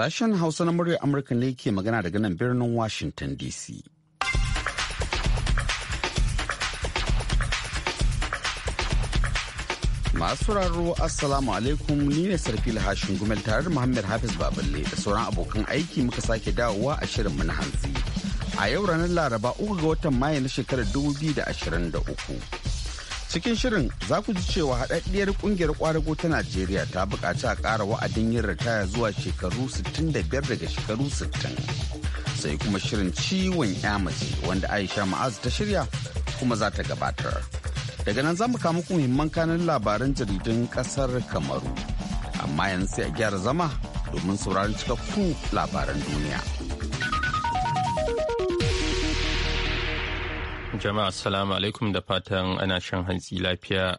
Sashen Hausa na muryar Amurka ne ke magana daga nan birnin Washington DC. Masu raro Assalamu alaikum ni ne sarfi hashin gumel tare da Muhammad Hafiz Baballe da sauran abokan aiki muka sake dawowa a shirin mu na hantsi. A yau ranar Laraba uku ga watan Mayu na shekarar 2023. cikin shirin za ku ji cewa haɗaɗɗiyar ƙungiyar ƙwarago ta najeriya ta buƙaci a ƙara wa'adin yin ritaya zuwa shekaru 65 daga shekaru 60 sai kuma shirin ciwon mace wanda aisha ma'azu ta shirya kuma za ta gabatar daga nan za mu kama muku muhimman kanin labaran jaridun ƙasar kamaru amma yanzu sai a gyara zama domin sauraron cikakkun labaran duniya. Jama'a assalamu alaikum da fatan ana shan hantsi lafiya.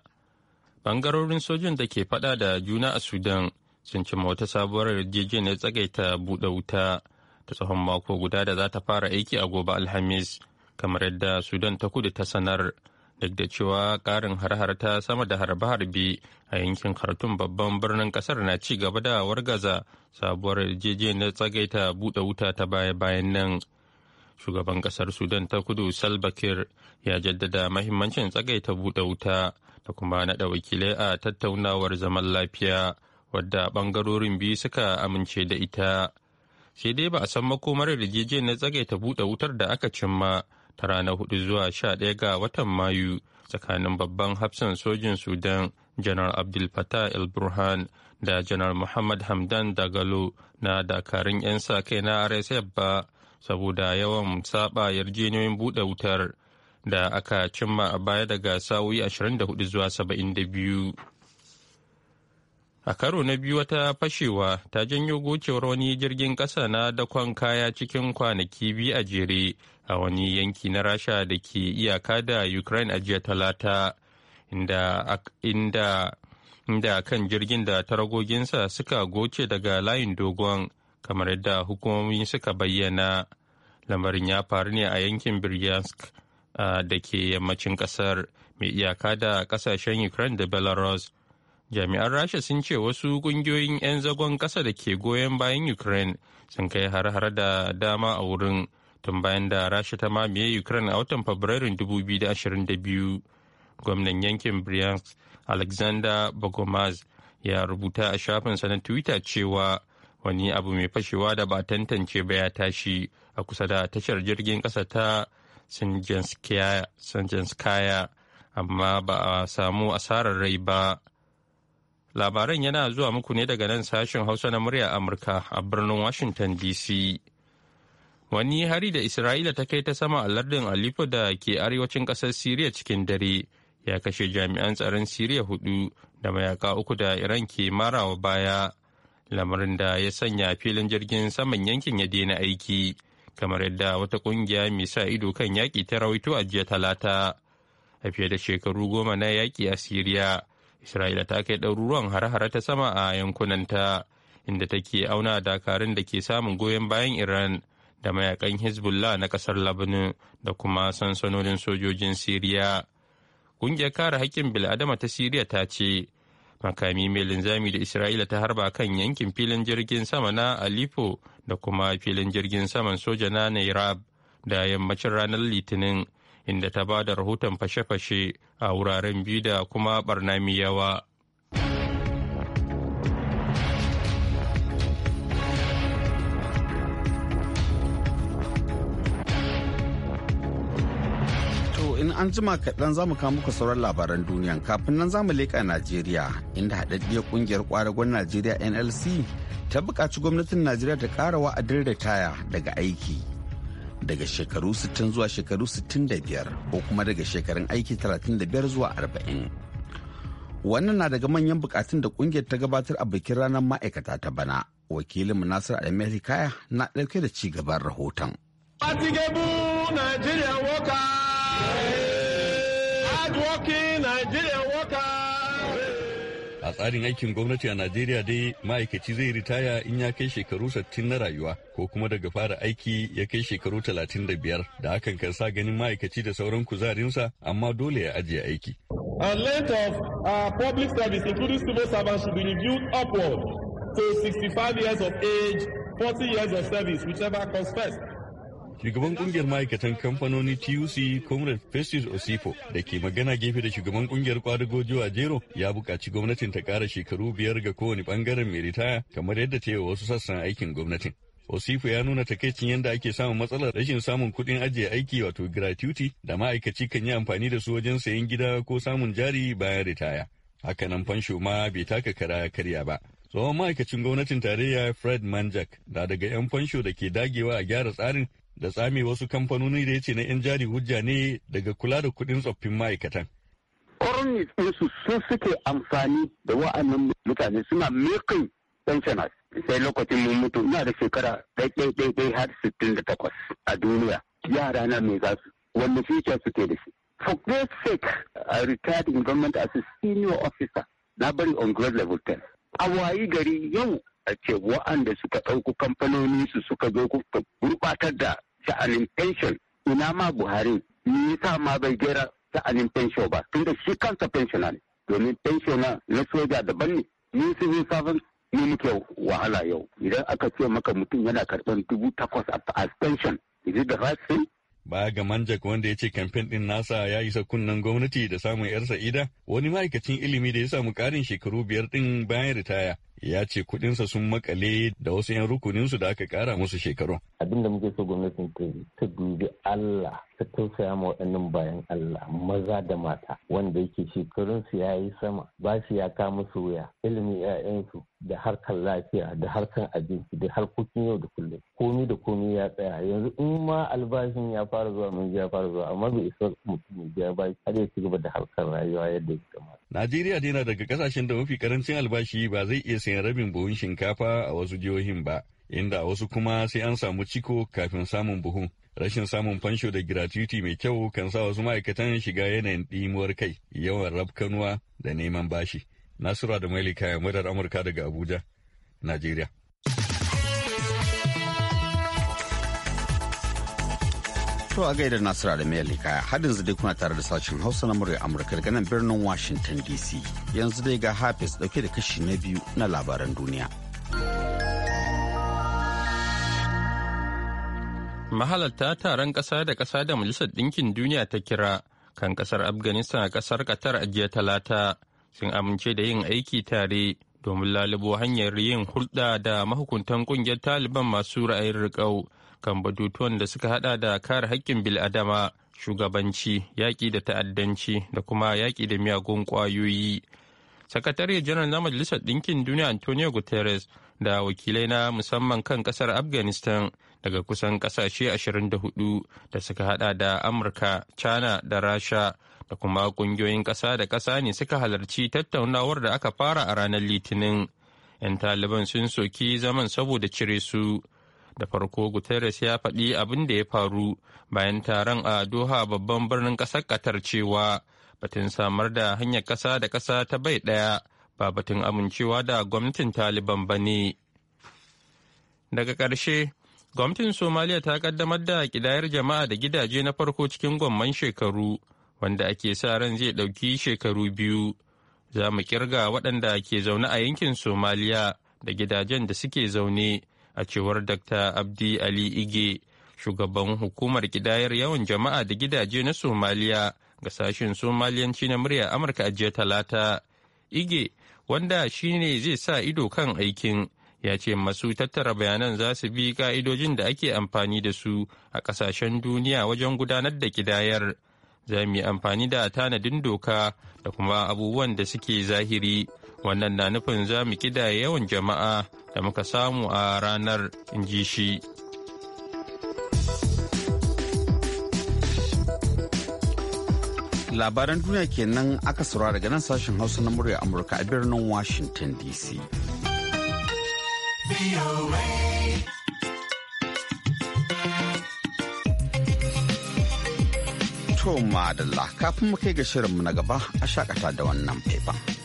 Bangarorin sojin da ke fada da juna a Sudan sun cimma wata sabuwar yarjejeniyar tsagaita buɗe wuta ta tsohon mako guda da za ta fara aiki a gobe Alhamis kamar yadda Sudan ta kudu ta sanar duk da cewa karin har-har ta sama da harbe-harbe a yankin Khartoum babban birnin kasar na ci gaba da wargaza sabuwar yarjejeniyar tsagaita buɗe wuta ta baya-bayan nan. shugaban kasar sudan ta kudu salbakir ya jaddada mahimmancin tsagaita buɗe wuta da kuma naɗa wakilai a tattaunawar zaman lafiya wadda ɓangarorin biyu suka amince da ita sai dai ba a san makomar yarjejeniyar na tsagaita buɗe wutar da aka cimma ta ranar hudu zuwa sha ɗaya ga watan mayu tsakanin babban hafsan sojin sudan janar abdul fatah el burhan da janar muhammad hamdan dagalo na dakarun 'yan sa kai na rsf ba saboda yawan saba yarjejeniyoyin buɗe wutar da aka cimma a baya daga sa'o'i 24 zuwa 72. A karo na biyu wata fashewa ta janyo gocewar wani jirgin ƙasa na dakon kaya cikin kwanaki biyu a jere a wani yanki na Rasha da ke iyaka da Ukraine a jiya talata inda, inda kan jirgin da taragoginsa suka goce daga layin dogon kamar yadda hukumomi suka bayyana lamarin ya faru ne a yankin biryansk da ke yammacin kasar mai iyaka da kasashen Ukraine da Belarus. Jami'an Rasha sun ce wasu kungiyoyin 'yan zagon ƙasa da ke goyon bayan Ukraine sun kai har-har da dama a wurin tun bayan da Rasha ta mamaye Ukraine a watan Fabrairun 2022. Gwamnan yankin Bryansk Alexander Bogomaz ya rubuta a shafinsa na Twitter cewa wani abu mai fashewa da ba tantance ba ya tashi a kusa da tashar jirgin ƙasa ta sanjanskaya amma ba a samu asarar rai ba labaran yana zuwa muku ne daga nan sashen hausa na murya amurka a birnin washington dc wani hari da isra'ila ta kai ta sama a lardin aleppo da ke arewacin ƙasar siriya cikin dare ya kashe jami'an tsaron siriya hudu da mayaka uku da iran ke marawa baya lamarin da ya sanya filin jirgin saman yankin ya daina aiki kamar yadda wata kungiya mai sa ido kan yaƙi ta rawaito a jiya talata a fiye da shekaru goma na yaƙi a siriya isra'ila ta kai ɗaruruwan hare-hare ta sama a yankunanta inda take auna dakarun da ke samun goyon bayan iran da mayakan hezbollah na ƙasar labanin da kuma sansanonin sojojin siriya ƙungiyar kare haƙƙin bil'adama ta siriya ta ce makami mai linzami da isra'ila ta harba kan yankin filin jirgin sama na alipo da kuma filin jirgin saman soja na nairab da yammacin ranar litinin inda ta ba da rahoton fashe-fashe a wuraren biyu da kuma barnami yawa in an jima kaɗan za mu kawo muku sauran labaran duniya kafin nan za mu leƙa najeriya inda haɗaɗɗiyar ƙungiyar ƙwaragon najeriya nlc ta buƙaci gwamnatin najeriya ta ƙara wa'adin ritaya daga aiki daga shekaru 60 zuwa shekaru 65 ko kuma daga shekarun aiki 35 zuwa 40 wannan na daga manyan buƙatun da ƙungiyar ta gabatar a bikin ranar ma'aikata ta bana wakilin nasir Kaya na ɗauke da ci gaban rahoton. Atigebu Nigeria A tsarin aikin gwamnati a Najeriya dai ma'aikaci zai ritaya in ya kai shekaru 60 na rayuwa ko kuma daga fara aiki ya kai shekaru 35 da hakan kan sa ganin ma'aikaci da sauran kuzarinsa amma dole ya ajiye aiki. And length of uh, public service including civil servants should be reviewed upward to 65 years of age, 40 years of service, whichever comes first. Shugaban kungiyar ma'aikatan kamfanoni TUC Comrade Festus Osifo da ke magana gefe da shugaban kungiyar kwadago a Jero ya buƙaci gwamnatin ta ƙara shekaru biyar ga kowane ɓangaren mai ritaya kamar yadda ta yi wasu sassan aikin gwamnatin. osifo ya nuna takaicin yadda ake samun matsalar rashin samun kuɗin ajiye aiki wato gratuity da ma'aikaci kan yi amfani da su wajen sayen gida ko samun jari bayan ritaya. Hakanan fansho ma bai taka kara karya ba. Tsohon ma'aikacin gwamnatin tarayya Fred Manjak na daga 'yan fansho da ke dagewa a gyara tsarin da tsami wasu kamfanoni da ya ce na 'yan jari hujja ne daga kula da kuɗin tsoffin ma'aikatan. Korni su sun suke amfani da wa'annan mutane suna mekin pensioners sai lokacin mun mutu ina da shekara ɗaiɗaiɗaiɗai har sittin da takwas a duniya yara na mai zasu wanda future suke da shi. For great sake, I retired in government as a senior officer na bari on grade level 10. A wayi gari yau a ce wa'anda suka ɗauko kamfanoni su suka zo ku gurɓatar da sha'anin pension ina ma buhari yi yasa ma bai gera sha'anin pension ba tunda shi kansa pensiona ne domin pensiona na soja daban ne ni yi sabon ni muke wahala yau idan aka ce maka mutum yana karɓar dubu takwas a pension is it the right thing Baya ga Manjak wanda ya ce kamfen din nasa ya isa kunnen gwamnati da samun 'yar sa'ida, wani ma'aikacin ilimi da ya samu karin shekaru biyar din bayan ritaya ya ce kudinsa sun makale da wasu 'yan rukuninsu da aka kara musu shekaru. Abin da muke so gwamnatin ta dubi Allah ka tausaya ma waɗannan bayan Allah maza da mata wanda yake shekarunsu ya yi sama ba shi ya ka musu wuya ilimin 'ya'yansu da harkar lafiya da harkar abinci da harkokin yau da kullum komi da komi ya tsaya yanzu in ma albashin ya fara zuwa mun ya fara zuwa amma bai isa mutum ya ba har ya ci gaba da harkar rayuwa yadda ya kamata Najeriya dai na daga kasashen da mafi karancin albashi ba zai iya sayan rabin buhun shinkafa a wasu jihohin ba, inda a wasu kuma sai an samu ciko kafin samun buhun. rashin samun fansho da gratuity mai kyau kan sa wasu ma'aikatan shiga yanayin ɗimuwar kai yawan rafkanuwa da neman bashi nasura da maili kayan madar amurka daga abuja najeriya To a gaida Nasiru da mai Likaya har yanzu dai kuna tare da sashen Hausa na murya Amurka daga nan birnin Washington DC. Yanzu dai ga Hafiz dauke da kashi na biyu na labaran duniya. mahalarta taron ƙasa da ƙasa da majalisar ɗinkin duniya ta kira kan ƙasar afghanistan a ƙasar qatar a jiya talata sun amince da yin aiki tare domin lalubo hanyar yin hulɗa da mahukuntan ƙungiyar taliban masu ra'ayin riƙau kan batutuwan da suka haɗa da kare haƙƙin bil'adama shugabanci yaƙi da ta'addanci da kuma yaƙi da miyagun ƙwayoyi sakatare janar na majalisar ɗinkin duniya antonio guterres da wakilai na musamman kan ƙasar afghanistan daga kusan kasashe 24 da suka hada da amurka china da rasha da kuma kungiyoyin ƙasa da ƙasa ne suka halarci tattaunawar da aka fara a ranar litinin 'yan taliban sun soki zaman saboda cire su da farko guterres ya faɗi abin da ya faru bayan taron a doha babban birnin ƙasar qatar cewa batun samar da hanyar ƙasa da ƙasa ta bai ɗaya ba batun amincewa da gwamnatin taliban ba ne daga ƙarshe Gwamnatin Somaliya ta kaddamar da kidayar jama'a da gidaje na farko cikin gwamman shekaru wanda ake sa ran zai ɗauki shekaru biyu. Za mu kirga waɗanda ke zaune a yankin Somaliya da gidajen da suke zaune a cewar Dr. Abdi Ali Ige, shugaban hukumar kidayar yawan jama'a da gidaje na Somaliya ga sashen Somaliyanci na murya Amurka a jiya Talata. Ige, wanda shine zai sa ido kan aikin. ya ce masu tattara bayanan za su bi ka'idojin da ake amfani da su a kasashen duniya wajen gudanar da kidayar za mu yi amfani da tanadin doka da kuma abubuwan da suke zahiri wannan na nufin za mu kidaye yawan jama'a da muka samu a ranar inji shi labaran duniya kenan aka saurara daga nan sashen hausa na murya amurka a birnin washington dc To madalla kafin mu kai ga shirinmu na gaba a shakata da wannan faifan.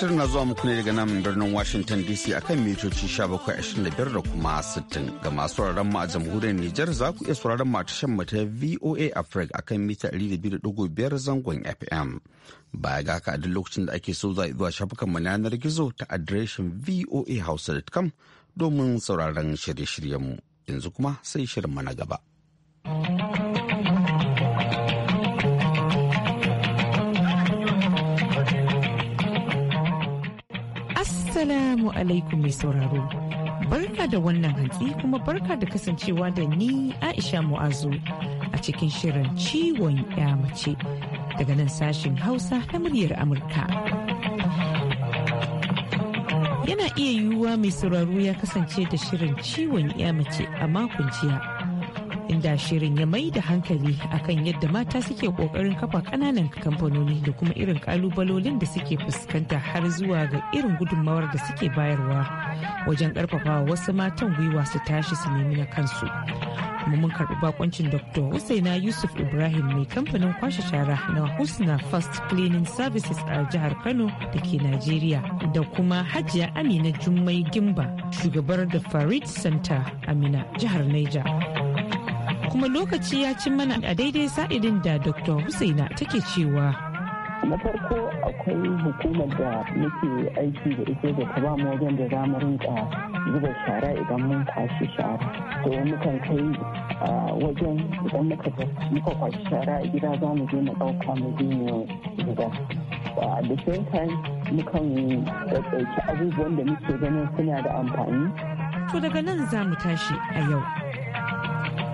Shirin na zuwa muku ne daga nan birnin Washington DC akan mitoci 1725 da kuma 60 ga masu sauraron mu a jamhuriyar Nijar za ku iya sauraron mu a tashar mu ta VOA Africa akan mita 200.5 zangon FM. Baya ga haka a duk lokacin da ake so za a zuwa shafukan mu yanar gizo ta adireshin voahausa.com domin sauraron shirye-shiryen mu. Yanzu kuma sai shirin mu na gaba. Assalamu alaikum mai sauraro. Barka da wannan hantsi kuma barka da kasancewa da ni Aisha Mu'azu a cikin shirin ciwon ya mace daga nan sashen Hausa na muryar Amurka. Yana iya yiwuwa mai sauraro ya kasance da shirin ciwon ya mace a makon jiya inda shirin ya mai da hankali akan yadda mata suke kokarin kafa kananan kamfanoni da kuma irin kalubalolin da suke fuskanta har zuwa ga irin gudunmawar da suke bayarwa wajen karfafawa wasu matan gwiwa su tashi su nemi na kansu kuma mun karbi bakoncin dr husaina yusuf ibrahim mai kamfanin kwashe shara na husna first cleaning services a jihar kano da ke najeriya da kuma hajiya amina jummai gimba shugabar da farid center amina jihar niger kuma lokaci ya cin mana a daidai sa'idin da dr husaina take cewa na farko akwai hukumar da muke aiki da ita da ta ba mu wajen da za mu rinka zuba shara idan mun kwashi shara to mukan kai wajen idan muka kwashi shara a gida za mu je mu ɗauka mu je mu zuba A da same time mukan ɗauki abubuwan da muke ganin suna da amfani to daga nan za mu tashi a yau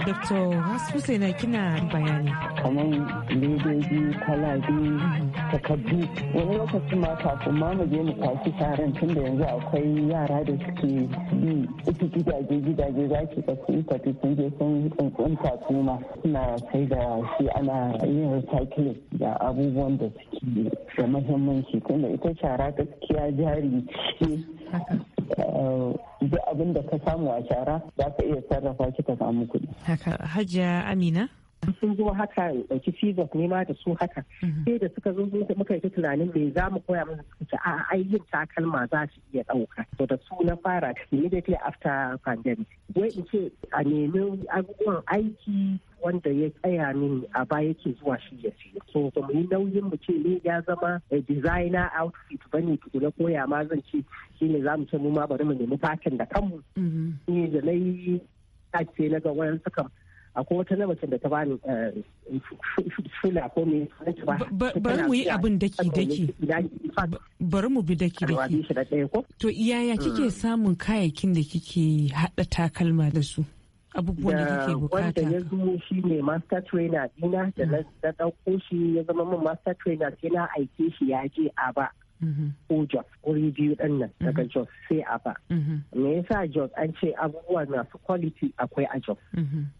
Dr. Hussaina kina bayani. Kamar ledoji, kwalabi, takardu. Wani lokaci ma kafin ma mu je mu kwashi taron tun yanzu akwai yara da suke bi ita gidaje gidaje za ki ga sun tafi sun je sun tsuntsun kuma suna sai da shi ana yin recycling da abubuwan da suke da muhimmanci tunda ita shara gaskiya jari ce. Eh, duk abin da ka samu a shara za ka iya sarrafa shi ka samu kuɗi. Haka Hajiya Amina? sun zo haka ɗauki fizos ne ma da su haka mhm. sai da suka zo da muka yi tunanin me za mu koya mana su ce a'a ai yin takalma za su iya ɗauka to da su na fara immediately after pandemic wai in ce a nemi abubuwan aiki wanda ya tsaya mini a baya ke zuwa shi ya siya. so kuma yi nauyin mu ce ne ya zama designer outfit bane tukuna koya ma zan ce shine za mu ce mu ma bari mu nemi fatin da kanmu mm-hmm. ni da nayi ake na ga wayan suka akwai wata na da ta bani shula eh, ko me bari mu yi abin daki daki bari mu bi daki daki to iyaya kike mm. samun kayayyakin da kike hada takalma da su abubuwan da kake bukata wanda ya zo shi ne master trainer dina da na dauko mm. shi ya zama min master trainer sai na aike shi ya je a ba Jos kuri biyu ɗan nan daga jos sai a ba mm-hmm. me yasa jos an ce abubuwa masu quality akwai a jos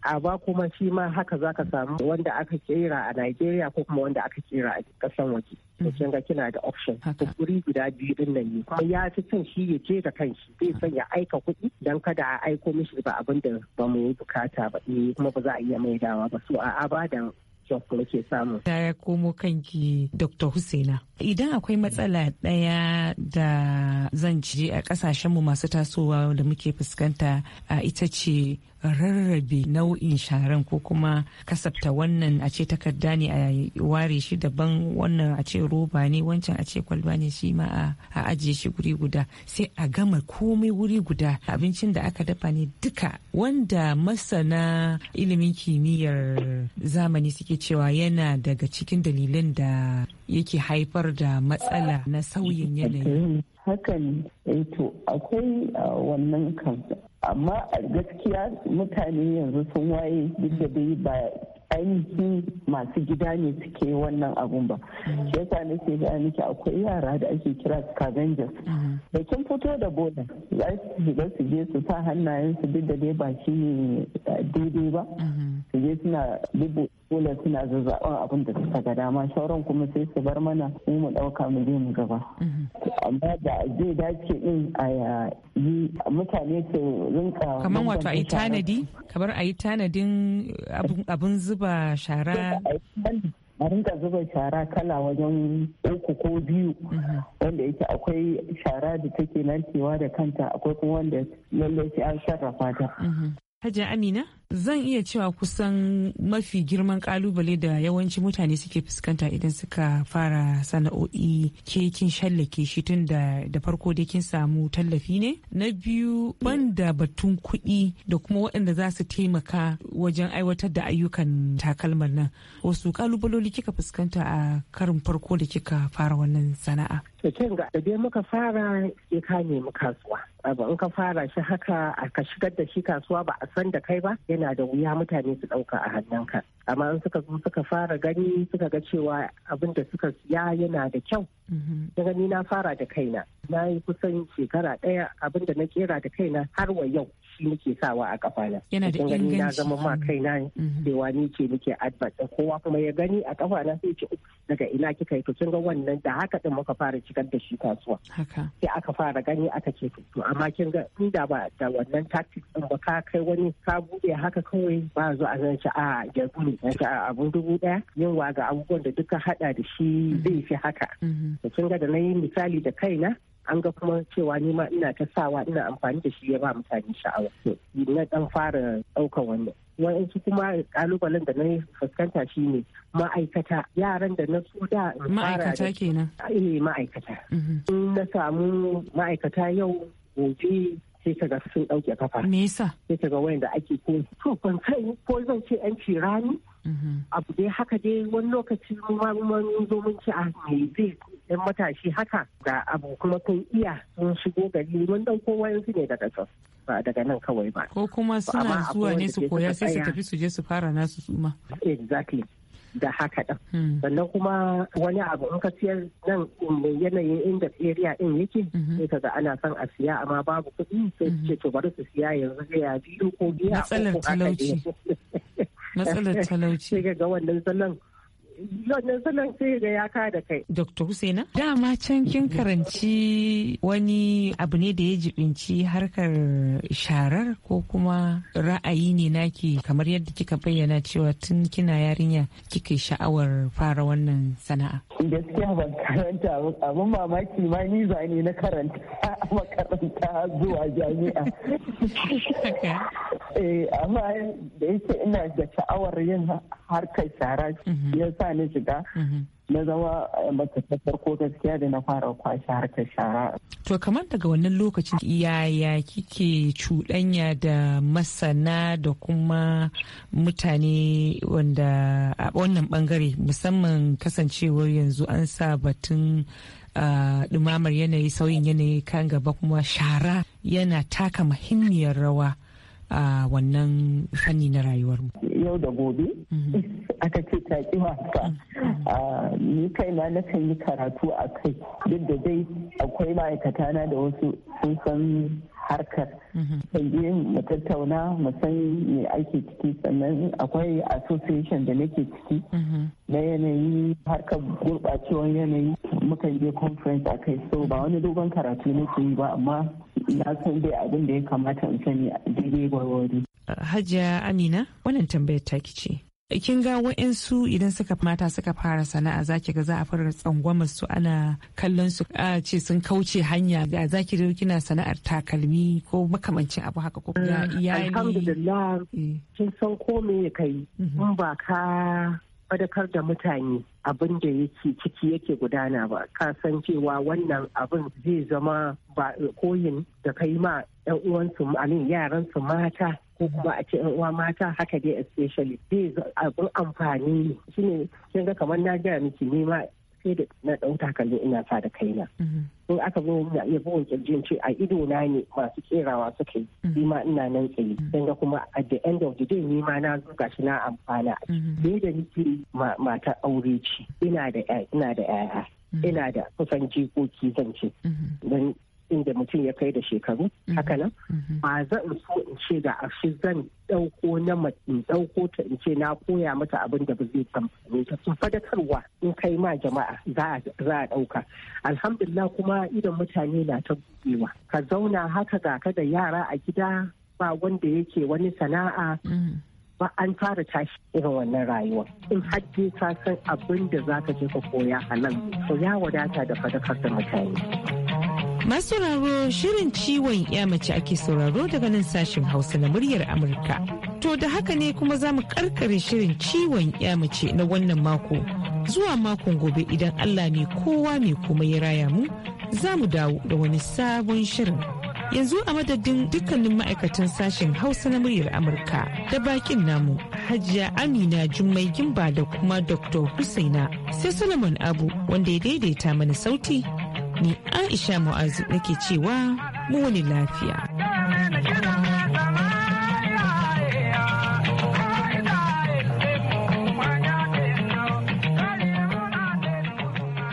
a ba kuma shi ma haka za ka samu wanda aka kera a nigeria ko kuma wanda aka kera a kasan waje to mm-hmm. kin ga kina da option wuri guda biyu ɗin nan ne kuma ya fi son shi ya je da kanshi zai son ya aika kuɗi dan kada a aiko mishi ba abin da ba mu bukata ba eh, kuma ba za a iya maidawa ba so a ba da kyau ke samu. Ta komo kanki Dr. Husaina. Idan akwai matsala ɗaya da zan ji a ƙasashenmu masu tasowa da muke fuskanta ita ce rarrabe nau'in sharan ko kuma kasafta wannan a ce takarda ne a ware shi daban wannan a ce roba ne wancan a ce kwalba ne shi ma a ajiye shi guri guda sai a gama komai guri guda abincin da aka dafa ne duka wanda masana ilimin kimiyyar zamani suke cewa yana daga cikin dalilin da yake haifar da matsala na sauyin yanayi hakan eh to akwai ah, wannan kansa amma a gaskiya mutane yanzu sun waye duk da dai ba ainihin masu gida ne suke wannan abun ba mm. shi yasa nake ga miki akwai yara da ake kira scavengers mm. da kin fito da bola za su shiga su je su sa hannayen su duk da dai ba shi ne eh, daidai ba mm-hmm. su je suna dubu bola suna zazzaɓin abin da suka ga dama sauran kuma sai su bar mana mu mu ɗauka mu je mu gaba amma da zai dace din a yi mutane su rinka kamar wato a yi tanadi kamar a yi tanadin abin zuba shara a rinka zuba shara kala wajen uku ko biyu mhm. wanda yake akwai shara da take narkewa da kanta akwai kuma wanda lallai an sarrafa ta mhm. Hajiya Amina, zan iya cewa kusan mafi girman kalubale da yawanci mutane suke fuskanta idan suka fara sana'o'i ke kin shallake shi tun da farko da kin samu tallafi ne. Na biyu banda batun kuɗi da kuma waɗanda za su taimaka wajen aiwatar da ayyukan takalmar nan. Wasu kalubaloli kika fuskanta a karin farko da kika fara wannan sana'a? da muka fara ya kame mu kasuwa. abu in ka fara shi haka a ka shigar da shi kasuwa ba a san da kai ba yana da wuya mutane su ɗauka a hannunka amma in suka zo suka fara gani suka ga cewa abin da suka siya yana da kyau da mm-hmm. gani na fara da kaina na yi kusan shekara ɗaya abin da na kera da kaina har wa yau shi nake sawa a kafana yana da inganci na zama ma kaina mm-hmm. cewa ni ke nake advert kowa kuma ya gani a kafana sai ce daga ina kika yi kusan ga wannan da haka din muka fara cikar da shi kasuwa sai aka fara gani aka ce to amma kin ga da ba da wannan tactics din ba ka kai wani ka bude haka kawai ba zo a zan ci a yanzu ne kuɗi abun dubu ɗaya yawa ga abubuwan da duka haɗa da shi mm-hmm. zai fi haka da mm-hmm. kin ga da na yi misali da kaina an ga kuma cewa ni ma ina ta sawa ina amfani da shi ya ba mutane sha'awa na dan fara ɗaukar wannan su kuma kalubalen da na yi fuskanta shi ne ma'aikata yaran da na so da ma'aikata kenan eh, ma'aikata mm-hmm. na samu ma'aikata yau gobe sai ka ga sun dauke kafa. Me yasa? Sai ka ga wayanda ake ko to ban san ko zan ce an ci rani. Mhm. Abu dai haka dai wani lokaci ma mun zo mun ci a me zai yan matashi haka ga abu kuma kun iya sun shigo gari mun dan kowa su ne daga can ba daga nan kawai ba. Ko kuma suna zuwa ne su koya sai su tafi su je su fara nasu suma. Exactly. da haka ɗin. Hmm. Sannan kuma wani abu in ka siyar nan mai yanayin inda area ɗin yake hmm. sai ka ga ana son a siya amma babu kuɗi sai ce hmm. to bari su siya yanzu zai biyu ko biya. Matsalar talauci. Matsalar talauci. Sai ga wannan salon wannan da kai. Dr. Husaina? Dama can kin karanci wani abu ne da ya jibinci harkar sharar ko kuma ra'ayi ne naki kamar yadda kika bayyana cewa tun kina yarinya kika sha'awar fara wannan sana'a. Gaskiya ban karanta abin mamaki ma ni zane na karanta a makaranta zuwa jami'a. Eh, amma da yake ina da sha'awar yin harkar shara mhm. ya sa shiga mm-hmm. na zama eh, mace ta farko gaskiya da na fara kwashe harkar shara. To kamar daga wannan lokacin yaya kike cuɗanya da masana da kuma mutane wanda a wannan bangare musamman kasancewar yanzu an sa batun ah, ɗumamar yanayi sauyin yanayi kan gaba kuma shara yana taka muhimmiyar rawa a wannan fanni na rayuwarmu. yau da gobe mhm. aka ce taƙi wasa mhm. ah, ni kaina na kan yi karatu a kai duk da dai akwai ma'aikata na da wasu sun san harkar mhm. je mu tattauna mu san me ake ciki sannan akwai association da nake ciki na yanayi harkar gurɓacewar yanayi mukan je conference a kai so ba wani dogon karatu nake yi ba amma na san dai abin da ya kamata in sani daidai gwarwari hajiya amina wannan tambayar taki ce kin ga wa'insu idan suka mata suka fara sana'a zaki ga za a fara tsangwamar su ana kallon su a ce sun kauce hanya ga zaki da kina sana'ar takalmi ko makamancin abu haka ko ga mm, iyali alhamdulillah eh. kin san ko me kai mhm. in ba ka fadakar da mutane abin da yake ciki yake gudana ba ka san cewa wannan abin zai zama ba eh, koyin da kai ma yan uwansu amin yaran su mata ko kuma a ce uwa mata haka dai especially zai abin amfani ne shine kin ga kamar na gaya miki ma sai da na dau takalmi ina sa da kaina mhm. in aka zo ina iya bugun kirjin ce a ido na ne masu kerawa suka yi mhm. ni ma ina nan tsaye mhm. kin ga kuma at the end of the day ni ma na zo gashi na amfana ni da miki mata aure ce ina da ina da ina da kusan jikoki zan ce don inda mutum ya kai da shekaru mhm. haka nan mhm. ba zan so in ce ga ashe zan ɗauko na in ɗauko ta in ce na koya mata abin da ba zai amfani ta sun fadakarwa in kai ma jama'a za a ɗauka alhamdulillah kuma idan mutane na ta buɗewa ka zauna haka ga ka da yara a gida ba wanda yake wani sana'a mhm. ba an fara tashi irin wannan rayuwa in hajji ka san abin da za ka je ka koya a nan ya wadata da fadakar da mutane. Masu sauraro shirin ciwon ya mace ake sauraro daga nan sashen Hausa na muryar Amurka. To da haka ne kuma za mu karkare shirin ciwon ya mace na wannan mako. Zuwa makon gobe idan Allah ne kowa mai kuma ya raya mu za mu dawo da wani sabon shirin. Yanzu a madadin dukkanin ma'aikatan sashen Hausa na muryar Amurka da bakin namu Hajiya Amina Jummai Gimba da kuma Dr. Husaina sai Solomon Abu wanda ya daidaita mana sauti ni aisha mu'azu nake cewa mu wani lafiya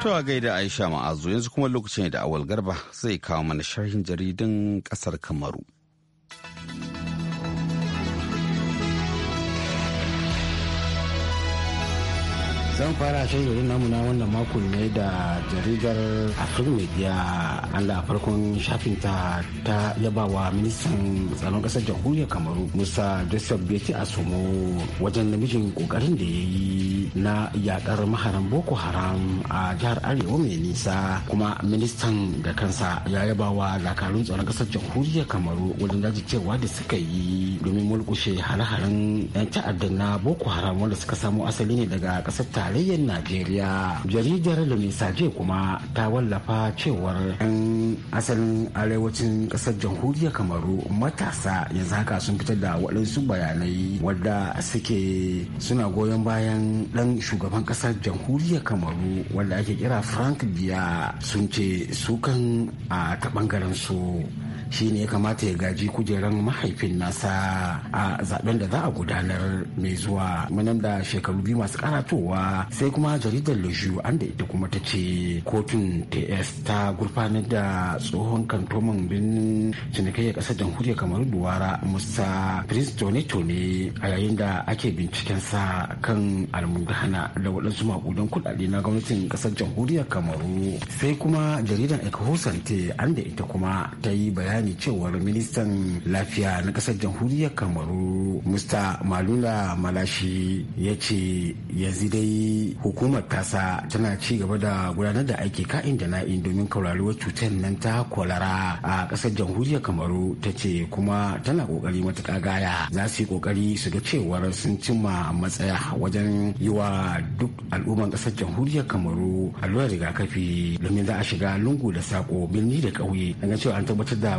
Tawa gaida Aisha Ma'azu yanzu kuma lokacin da awal garba zai kawo mana sharhin jaridun kasar Kamaru. zan fara shirin namu na wannan mako ne da jaridar afrik media da farkon shafin ta ta yabawa ministan tsaron kasar jamhuriyar kamaru musa joseph beti somo wajen namijin kokarin da ya yi na yakar maharan boko haram a jihar arewa mai nisa kuma ministan da kansa ya yabawa zakarun tsaron kasar jamhuriyar kamaru wajen cewa da suka yi domin mulkushe hare-haren 'yan ta'addan na boko haram wanda suka samo asali ne daga kasar tare tarayyar najeriya jaridar lumisaje kuma ta wallafa cewar 'yan asalin arewacin ƙasar jamhuriyar kamaru matasa yanzu haka sun fitar da waɗansu bayanai wadda suke suna goyon bayan ɗan shugaban ƙasar jamhuriyar kamaru wanda ake kira frank biya sun ce sukan a ta ɓangaren su shine ya kamata ya gaji kujeran mahaifin nasa a zaben da za a gudanar mai zuwa manan da shekaru biyu masu karatowa sai kuma jaridar leju an da ita kuma ta ce kotun ts ta gurfanar da tsohon kantoman birnin cinikayyar kasar jamhuriyar kamar duwara musa prince tone a yayin da ake bincikensa kan almudana da waɗansu makudan kuɗaɗe na gwamnatin kasar jamhuriyar kamaru sai kuma jaridar ekahusante an da ita kuma ta yi bayani bayani cewar ministan lafiya na kasar jamhuriyar kamaru musta maluna malashi ya ce yanzu dai hukumar tasa tana ci gaba da gudanar da aiki ka'in da na'in domin kauraruwar cutar nan ta kwalara a kasar jamhuriyar kamaru ta ce kuma tana kokari matuka gaya za su yi kokari su ga cewar sun cimma matsaya wajen yi wa duk al'umman kasar jamhuriyar kamaru allurar rigakafi domin za a shiga lungu da sako birni da ƙauye an cewa an tabbatar da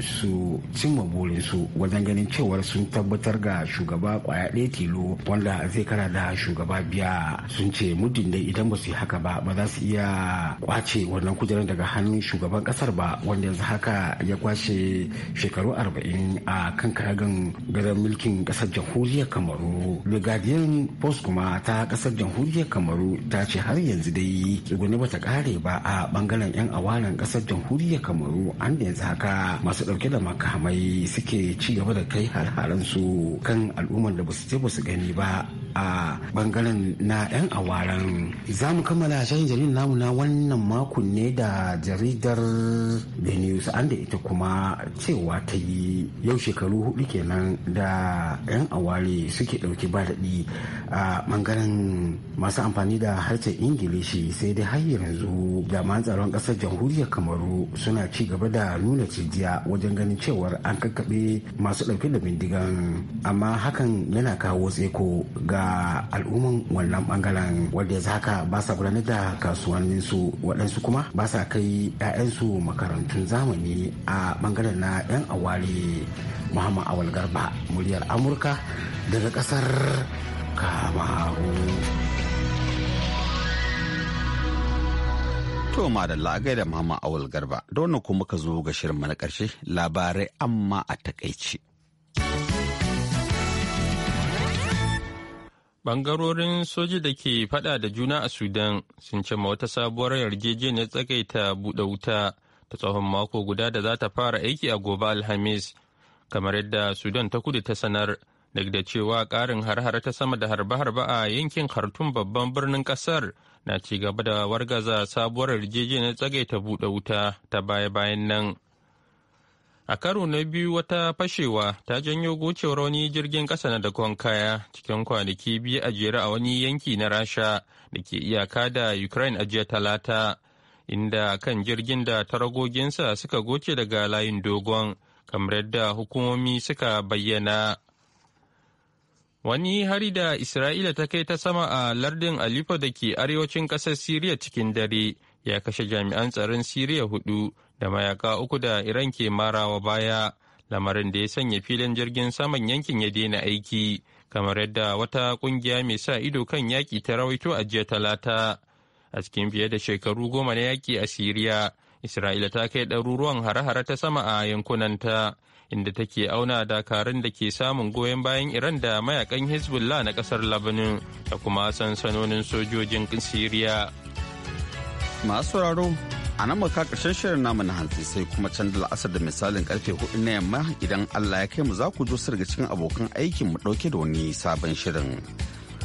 su cimma burinsu wajen ganin cewar sun tabbatar ga shugaba kwaya ɗaya tilo wanda zai kara da shugaba biya sun ce muddin dai idan ba su yi haka ba ba za su iya kwace wannan kujerar daga hannun shugaban kasar ba wanda yanzu haka ya kwashe shekaru arba'in a kan karagan gadon mulkin kasar jamhuriyar kamaru brigadier guardian post kuma ta kasar jamhuriyar kamaru ta ce har yanzu dai tsuguni bata kare ba a bangaren yan awalan kasar jamhuriyar kamaru an da yanzu haka masu dauke da makamai suke ci gaba da kai halharan su kan al'ummar da basu je basu gani ba a bangaren na 'yan awaran za mu kammala shayin jaridar namu na wannan makon ne da jaridar the news an da ita kuma cewa ta yi yau shekaru hudu kenan da 'yan aware suke dauke ba daɗi a bangaren masu amfani da harshen ingilishi sai dai har yanzu da tsaron ƙasar jamhuriyar kamaru suna ci gaba da nuna cijiya wajen ganin cewar an kakkaɓe masu ɗauke da bindigan amma hakan yana kawo tseko ga al'umman wannan bangaren wanda ya haka ba sa gudanar da kasuwannin su waɗansu kuma ba sa kai 'ya'yansu makarantun zamani a bangaren na 'yan awali muhammad awal garba muryar amurka daga ƙasar kamaru. To madalla gaida mama Awul Garba, da wannan kuma ka zo ga shirinmu na ƙarshe labarai amma a takaici. Bangarorin soji da ke fada da juna a Sudan sun cimma wata sabuwar yarjejeniyar tsagaita buɗe wuta ta tsawon mako guda da za ta fara aiki a gobe Alhamis, kamar yadda Sudan ta kudu ta sanar duk da cewa ƙarin har-har ta sama da harba harbe a yankin Khartoum babban birnin ƙasar na ci gaba da wargaza sabuwar yarjejeniyar tsagaita buɗe wuta ta baya-bayan nan. A karo na biyu wata fashewa ta janyo gocewar wani jirgin ƙasa na dakon kaya cikin kwanaki biyu a jere a wani yanki na Rasha da ke iyaka da Ukraine a jiya talata, inda kan jirgin da taragoginsa suka goce daga layin dogon, kamar yadda hukumomi suka bayyana. Wani hari da Isra'ila ta kai ta sama a lardin Aleppo da ke arewacin ƙasar Siriya cikin dare ya kashe jami'an tsaron Siriya hudu da mayaka uku da Iran ke marawa baya, lamarin da ya sanya filin jirgin saman yankin ya daina aiki, kamar yadda wata ƙungiya mai sa ido kan yaƙi ta rawaito a jiya talata. A cikin fiye da shekaru goma na yaƙi a Siriya, Isra'ila ta kai ɗaruruwan hare-hare ta sama a yankunanta. inda take auna dakarun da ke samun goyon bayan Iran da mayakan Hezbollah na kasar Lebanon da kuma sansanonin sojojin Siriya. Masu sauraro a nan maka karshen shirin namu na hantsi sai kuma canza la'asar da misalin karfe hudu na yamma idan Allah ya kai mu za ku zo su daga cikin abokan aikin mu dauke da wani sabon shirin.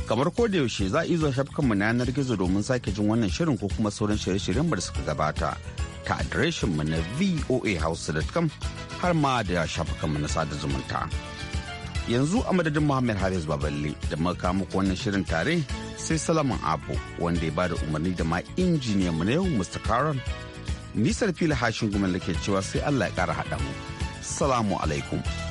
kamar ko da yaushe za a izo shafukanmu na yanar gizo domin sake jin wannan shirin ko kuma sauran shirye-shiryen da suka gabata ta mu na voahouse.com har ma da shafukanmu na sada zumunta. Yanzu a madadin Muhammad Haris Baballe da maka muku wannan shirin tare sai Salaman Abu wanda ya ba da umarni da ma mu na yau Mr. Carol. Nisar fili hashin gumin da ke cewa sai Allah ya kara haɗa mu. Salamu alaikum.